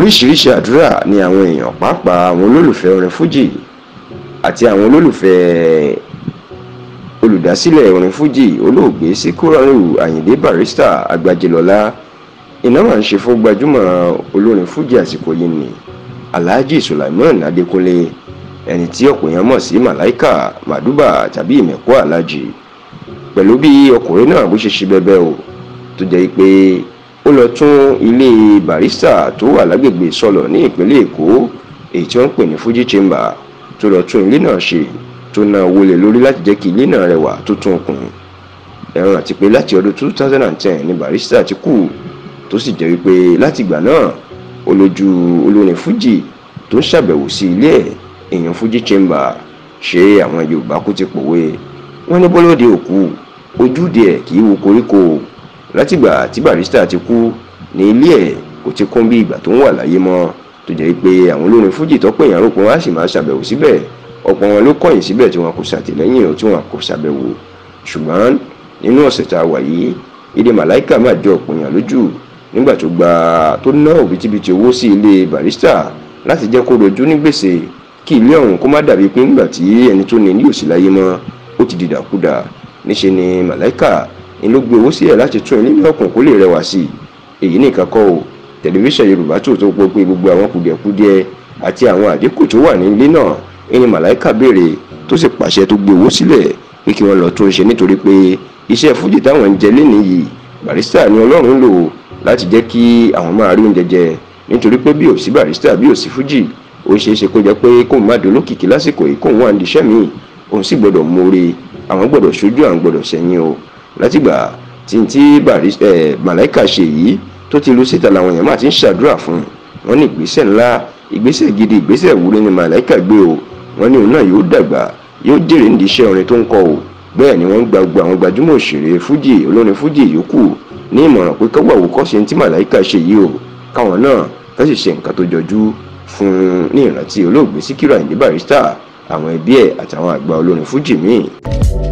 oríṣiríṣi àdúrà ni àwọn èèyàn pàápàá àwọn olólùfẹ́ orin fújì àti àwọn olólùfẹ́ olùdásílẹ̀ orin fújì olóògbé síkúrọ̀rù àyìndé barista àgbàjẹlọ́lá iná máa ń ṣe fún gbajúmọ̀ olórin fújì àsìkò yìí ni alhaji sulaiman adékúnlé ẹni tí ọ̀pọ̀ èèyàn mọ̀ sí màláìkà màdúbà tàbí ìmẹ̀kọ́ alhaji pẹ̀lú bí ọkùnrin náà bó ṣe ṣe bẹbẹ o tó jẹ́ pé ó lọ tún ilé barista tó wà lágbègbè sọlọ ní ìpínlẹ̀ èkó èyí tí wọ́n ń pè ní fuji chamber tó lọ tún ilé náà ṣe tó na owó lé lórí láti jẹ́ kí ilé náà rẹwà tó tún kùn ẹ̀rọ àti pé láti ọdún 2010 ni barista ti kú tó sì jẹ́ wípé láti ìgbà náà olójú olórin fuji tó ń ṣàbẹ̀wò sí ilé ẹ̀ èèyàn fuji chamber ṣe àwọn yorùbá kú ti pòwe wọ́n ní bọ́lọ́dẹ òkú ojúde ẹ̀ kì í wo koríko látìgbà tí Barrister ti kú ní ilé ẹ̀ kò ti kún bí ìgbà tó ń wà láyé mọ́ tó jẹ́ pé àwọn olórin fújì tọ́pọ̀ èèyàn rò pé wọ́n á sì máa ṣàbẹ̀wò síbẹ̀ ọ̀pọ̀ wọn ló kọ̀yìn síbẹ̀ tí wọn kò ṣàtìlẹ́yìn ọ̀ tí wọn kò ṣàbẹ̀wò ṣùgbọ́n nínú ọ̀sẹ̀ tá a wà yìí èdè màláìkà máa jọ ọ̀pọ̀ èèyàn lójú nígbà tó gba tó ná òbítíbitì owó sí ilé Barrister láti jẹ́ kó rojú ní gbèsè kí ilé ọ̀hún kó má dàbí pé ńgbà tí ẹni tó ní ní òsì láyé mọ́ ó ti dìdàkudà níṣe ni màláìkà ń ló gbé owó sílẹ̀ láti tún ẹ nílé ọkàn kó lè rẹwà sí i èyí nìkan kọ́ o tẹlifíṣàn yorùbá tó tó gbọ́ pé gbogbo àwọn kùdìẹ̀kudiẹ àti àwọn àdínkù tó wà ní ilé náà ẹni màláìka béèrè tó sì pàṣẹ tó gbé owó sílẹ̀ pé kí wọ́n lọ tún ṣe nítorí pé iṣẹ́ fújì táwọn ń jẹ lénìí yìí barista ni ọlọ́run lò láti jẹ́ kí àwọn máa rí oúnjẹ jẹ nítorí pé bí ò sí barista bí ò sí fújì ó ṣeé ṣe kó jẹ́ pé kóun má dolókìkí lásìkò yìí kóun wà nídìí iṣẹ́ míì òun sì gbọ́dọ̀ mórí àwọn gbọ́dọ̀ ṣojú àwọn gbọ́dọ̀ sẹ́yìn o látìgbà tí tí màláìka ṣe yìí tó ti lu síta làwọn èèyàn máa ti ń ṣàdúrà fún un wọ́n ní ìgbésẹ̀ ńlá ìgbésẹ̀ gidi ìgbésẹ̀ wúlò ni màláìka gbé o wọ́n ní òun náà yóò dàgbà yóò jèrè nídìí iṣẹ́ orin tó ń kọ o bẹ́ẹ̀ ni wọ́n ń gba gbogbo àwọn gbajúmọ̀ òṣèré fújì olórin fújì yòókù ní ìmọ̀ràn pé káwọn àwòkọ́ṣe tí màláìka ṣe yìí o káwọn náà ká sì ṣe nǹkan tó jọjú fún ní ìrántí olóògbé Síkírù Àyìndé Barrister àwọn ẹbí ẹ̀ àtàwọn àgbà olórin fújì míì.